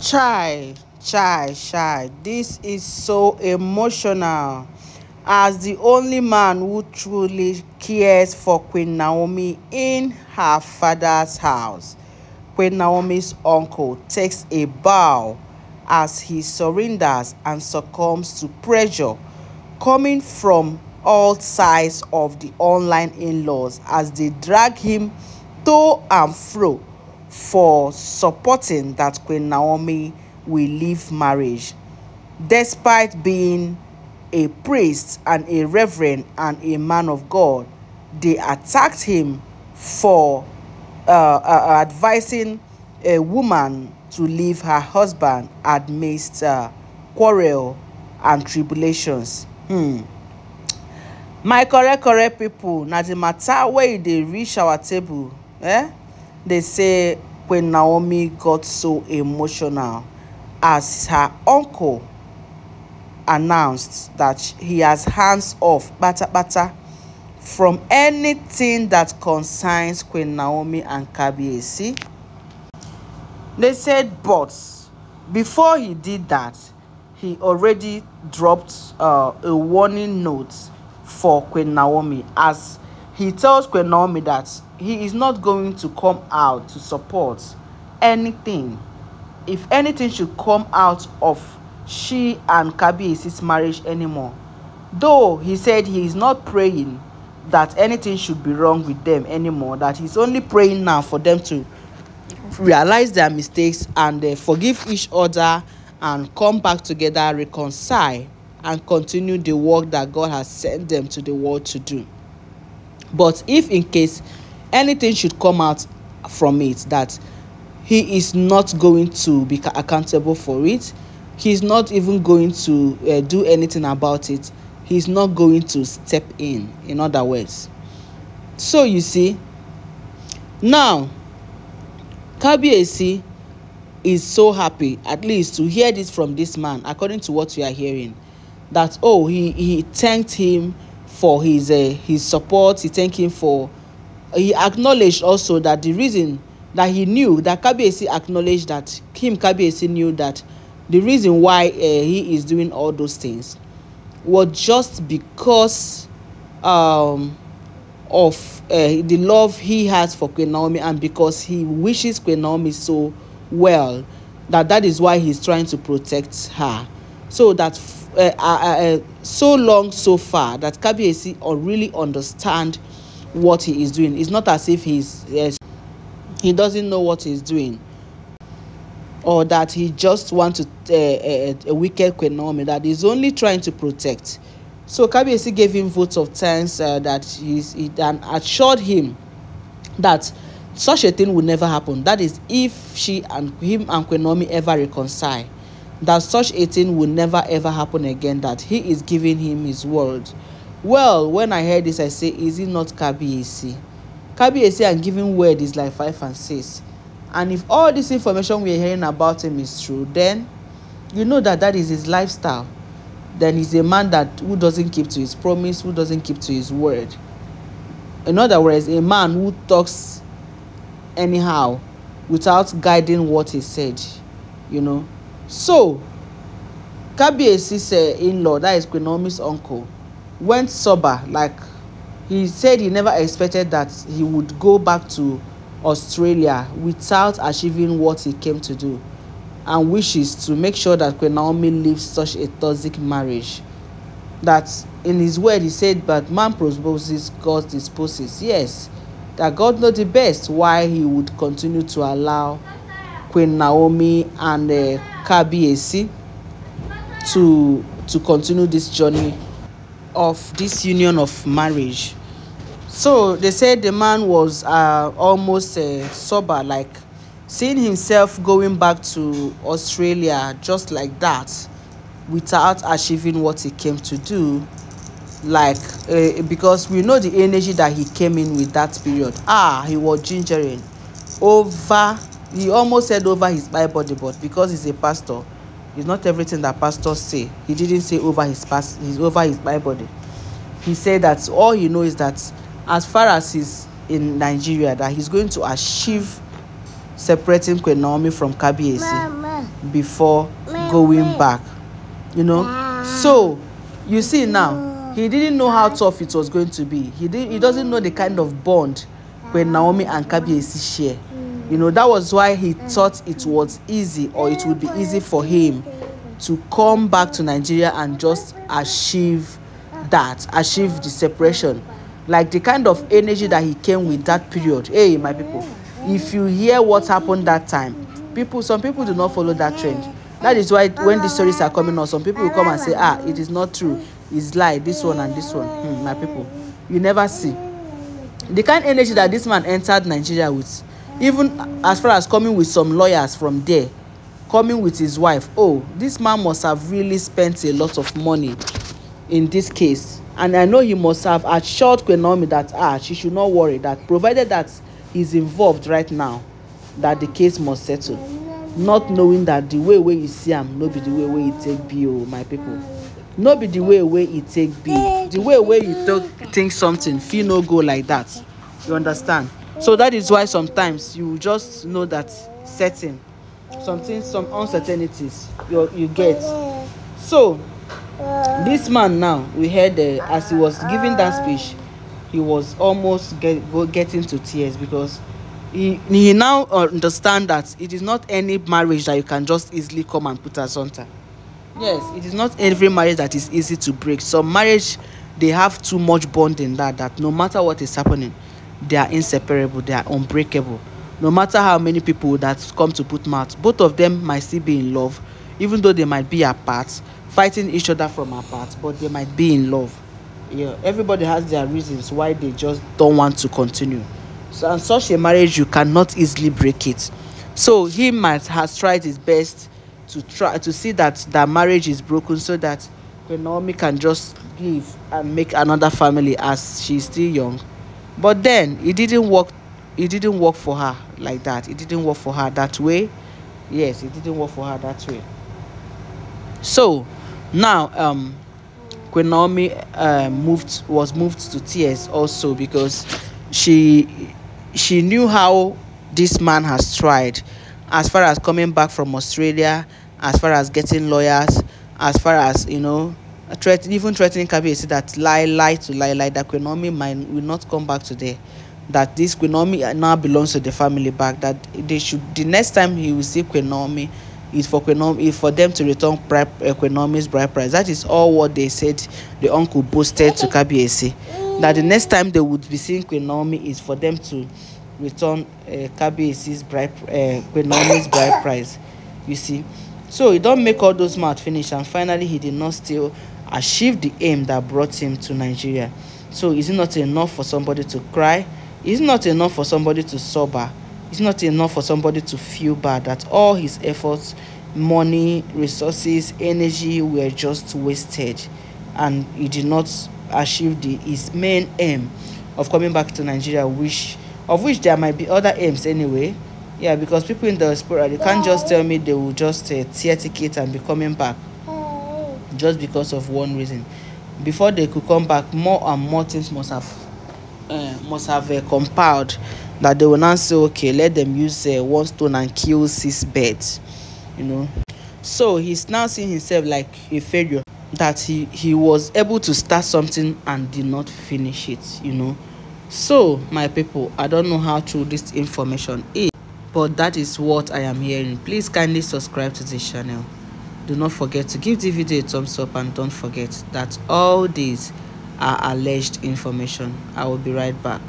chai chai chai this is so emotional as the only man who truly cares for queen naomi in her father's house queen naomi's uncle takes a bow as he surrenders and succumbs to pressure coming from all sides of the online in-laws as they drag him to and fro for supporting that Queen Naomi will leave marriage, despite being a priest and a reverend and a man of God. They attacked him for uh, uh, advising a woman to leave her husband amidst uh, quarrel and tribulations. Hmm. my correct correct people. na di mata wey e reach our table eh They say when Naomi got so emotional as her uncle announced that he has hands off bata bata from anything that concerns Queen Naomi and Kabiesi. They said, but before he did that, he already dropped uh, a warning note for Queen Naomi as he tells Queen Naomi that he is not going to come out to support anything if anything should come out of she and Kabiyesi's marriage anymore though he said he is not praying that anything should be wrong with them anymore that he's only praying now for them to realize their mistakes and uh, forgive each other and come back together reconcile and continue the work that God has sent them to the world to do but if in case anything should come out from it that he is not going to be accountable for it he's not even going to uh, do anything about it he's not going to step in in other words so you see now kabiesi is so happy at least to hear this from this man according to what we are hearing that oh he he thanked him for his uh, his support he thanked him for he acknowledged also that the reason that he knew that Kabiyesi acknowledged that Kim Kabiyesi knew that the reason why uh, he is doing all those things was just because um, of uh, the love he has for Queen Naomi and because he wishes Queen Naomi so well that that is why he's trying to protect her so that uh, so long so far that Kabiyesi really understand what he is doing it's not as if he's yes, he doesn't know what he's doing or that he just wants to uh, a, uh, uh, a wicked Queen Naomi that he's only trying to protect so Kabiyesi gave him votes of thanks uh, that he's, he and assured him that such a thing would never happen that is if she and him and Queen Naomi ever reconcile that such a thing will never ever happen again that he is giving him his word well when i heard this i say is it not kbac A C and giving word is like five and six and if all this information we are hearing about him is true then you know that that is his lifestyle then he's a man that who doesn't keep to his promise who doesn't keep to his word in other words a man who talks anyhow without guiding what he said you know so kabiyesi say in-law that is Queen uncle went sober like he said he never expected that he would go back to australia without achieving what he came to do and wishes to make sure that queen naomi leaves such a toxic marriage that in his word he said but man proposes god disposes yes that god know the best why he would continue to allow queen naomi and uh, kabiyesi to to continue this journey of this union of marriage. So they said the man was uh, almost uh, sober, like seeing himself going back to Australia just like that without achieving what he came to do. Like, uh, because we know the energy that he came in with that period. Ah, he was gingering over, he almost said over his Bible, but because he's a pastor, It's not everything that pastors say. He didn't say over his past, he's over his Bible. He said that all he knows is that as far as he's in Nigeria, that he's going to achieve separating Queen from Kabiesi before Mama. going back. You know? Mama. So you see now, he didn't know how tough it was going to be. He didn't, he doesn't know the kind of bond when Naomi and Kabiesi share. You know, that was why he thought it was easy or it would be easy for him to come back to Nigeria and just achieve that, achieve the separation. Like the kind of energy that he came with that period. Hey, my people, if you hear what happened that time, people, some people do not follow that trend. That is why when these stories are coming out, some people will come and say, ah, it is not true. It's lie, this one and this one. Hmm, my people, you never see. The kind of energy that this man entered Nigeria with, even as far as coming with some lawyers from there coming with his wife oh this man must have really spent a lot of money in this case and i know he must have assured queen naomi that ah she should not worry that provided that he's involved right now that the case must settle not knowing that the way wey you see am no be the way wey e take be o oh, my people no be the way wey e take be the way wey you talk think something fit no go like that you understand so that is why sometimes you just know that certain something some uncertainties you, you get so this man now we heard uh, as he was giving that speech he was almost get, go, getting to tears because he, he now understand that it is not any marriage that you can just easily come and put us under yes it is not every marriage that is easy to break some marriage they have too much bond in that that no matter what is happening they are inseparable they are unbreakable no matter how many people that come to put mouth both of them might still be in love even though they might be apart fighting each other from apart but they might be in love yeah everybody has their reasons why they just don't want to continue so and such a marriage you cannot easily break it so he might has tried his best to try to see that that marriage is broken so that Naomi can just leave and make another family as she's still young but then it didn't work it didn't work for her like that it didn't work for her that way yes it didn't work for her that way so now um queen naomi uh, moved was moved to tears also because she she knew how this man has tried as far as coming back from australia as far as getting lawyers as far as you know threat, even threatening Kabiyesi that lie, lie to lie, lie, that Queen mine might, will not come back today, that this Queen now belongs to the family back, that they should, the next time he will see Queen is for Queen is for them to return pri uh, Queen price. That is all what they said the uncle boasted to Kabiyesi. That the next time they would be seeing Queen is for them to return uh, Kabiyesi's bride, uh, price. You see. So he don't make all those math finish and finally he did not steal achieve the aim that brought him to Nigeria. So is it not enough for somebody to cry? Is it not enough for somebody to sober? Is it not enough for somebody to feel bad that all his efforts, money, resources, energy were just wasted and he did not achieve the, his main aim of coming back to Nigeria, which of which there might be other aims anyway. Yeah, because people in the diaspora, they can't just tell me they will just uh, tear ticket and be coming back just because of one reason before they could come back more and more things must have uh, must have uh, compiled that they will now say okay let them use uh, one stone and kill six birds you know so he's now seeing himself like a failure that he he was able to start something and did not finish it you know so my people i don't know how true this information is but that is what i am hearing please kindly subscribe to this channel do not forget to give the video a thumbs up and don't forget that all these are alleged information i will be right back